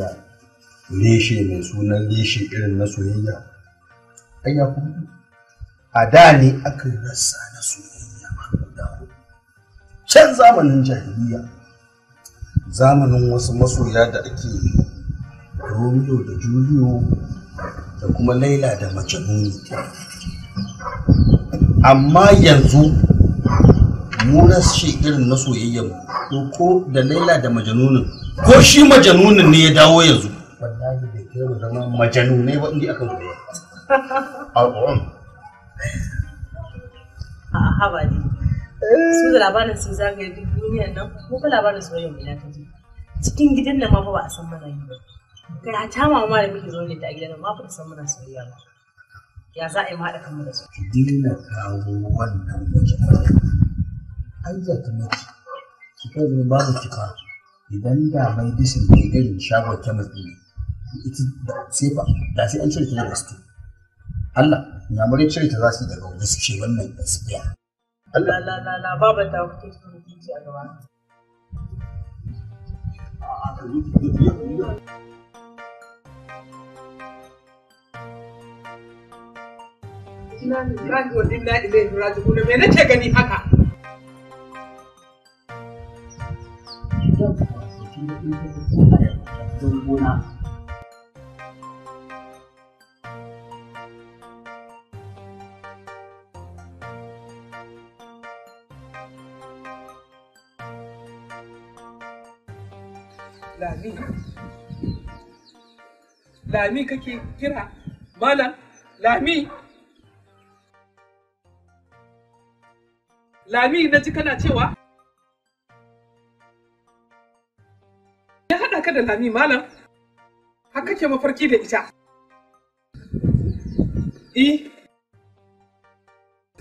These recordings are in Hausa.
soyayya reshe mai sunan reshe irin na soyayya ai kuma a da ne aka rasa na soyayya ba can zamanin jahiliya zamanin wasu masoya da ake romeo da julio da kuma laila da majanuni amma yanzu mu shi irin na soyayya ko da laila da majanunin ko shi majanunin ne ya dawo yanzu wallahi da ke mu zama majanunai ba inda aka zuwa al'uwan a haba ne su da labarin su zagaye duk duniyar nan ko labarin su wajen gida ta ji cikin gidan nan ma ba a san mana yi ba kai a ta mama da muke zo da a gidan ma ba san mana su ba ya za a yi haɗa kanmu da su ki dina kawo wannan mace ai mace ki kai ba mu ci fara idan da mai disin bai gani shagon kemis ɗin ita sai fa da sai an cire ta daga su Allah na mure cire ta za su daga waje su ce wannan gaskiya Allah la la la ba ta kuke su ki ci a gaba Ina ni rajiwa dinna ilaihi raji'un me nake gani haka lami lami kake kira malam lami lami na ji kana cewa ya haɗa ka da lami malam haka ke mafarki da ita eh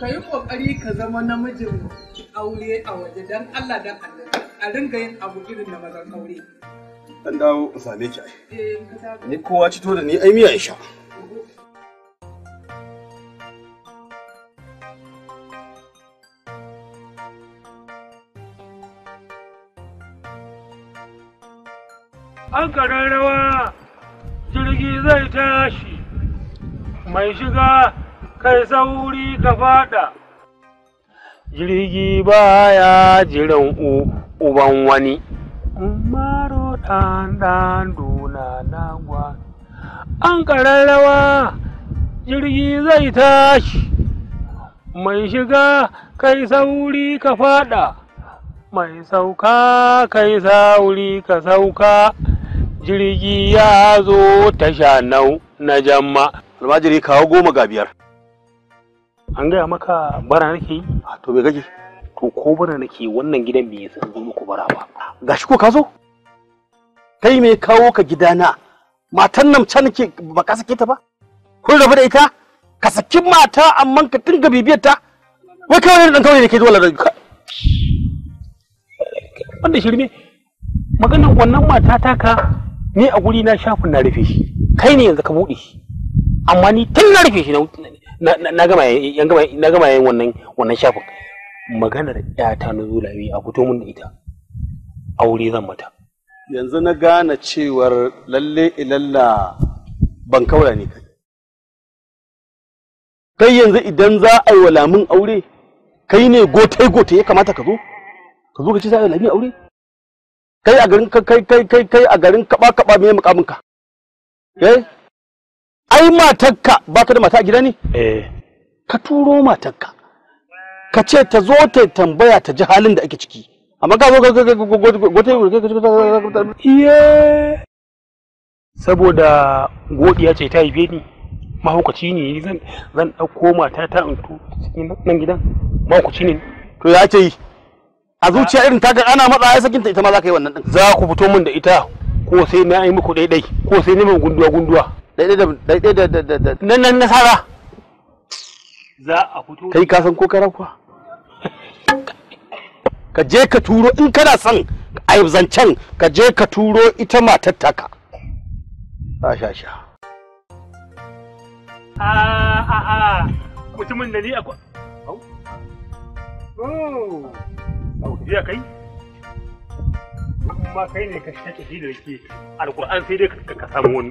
ka yi kokari ka zama namijin aure a waje don Allah dan Allah a ringa yin abu irin na mazan aure dan dawo in same ki eh, ni kowa cito da ni ai miya in sha An rawa jirgi zai tashi mai shiga kai sauri ka fada. Jirgi baya jiran uban wani. Umaru ɗan duna nagwa. An ƙararrawa jirgi zai tashi. Mai shiga kai sauri ka fada. Mai sauka kai sauri ka sauka. Jirgi ya zo tasha nau na jamma. Almajiri kawo goma ga biyar. an gaya maka bara nake yi a to bai gaji to ko bara nake wannan gidan bai yasa zo muku bara ba gashi ko ka zo kai me kawo ka gidana matan nan can nake ba ka sake ta ba kun rabu da ita ka saki mata amma ka dinga bibiyar ta wai kai wani dan kawai ne ke zuwa da wanda shirme maganar wannan mata ta ka ni a guri na shafin na rufe shi kai ne yanzu ka buɗe shi amma ni tun na rufe shi na na gama yan gama na gama yin wannan wannan shafin maganar ta na zulawi a fito mun da ita aure zan mata yanzu na gane cewar lalle ilalla ban kaura ne kai kai yanzu idan za a yi wa lamun aure kai ne gote gote ya kamata ka zo ka zo ka ci sai lamun aure kai a garin kai kai kai kai a garin kaba kaba me mukamin ka kai eh? ba ka da mata a gida ne eh ka turo matarka. ka ce ta zo ta tambaya ta ji halin da ake ciki amma ka zo gote iye saboda godiya ce ta haife ni mahaukaci ne zan zan dauko mata ta in tu cikin nan gidan mahaukaci ne to ya ce yi a zuciya irin ta ga ana matsa ya sakinta ita ma za ka yi wannan din za ku fito min da ita ko sai na yi muku daidai ko sai neman gunduwa gunduwa daidai da da nan nasara za a fito kai ka san ko karan kuwa ka je ka turo in kana son ayi ka je ka turo ita matar taka sha sha a a a mutumin da ni akwai Oh, kai? ma kai ne ka da alƙur'an sai dai ka samu wani.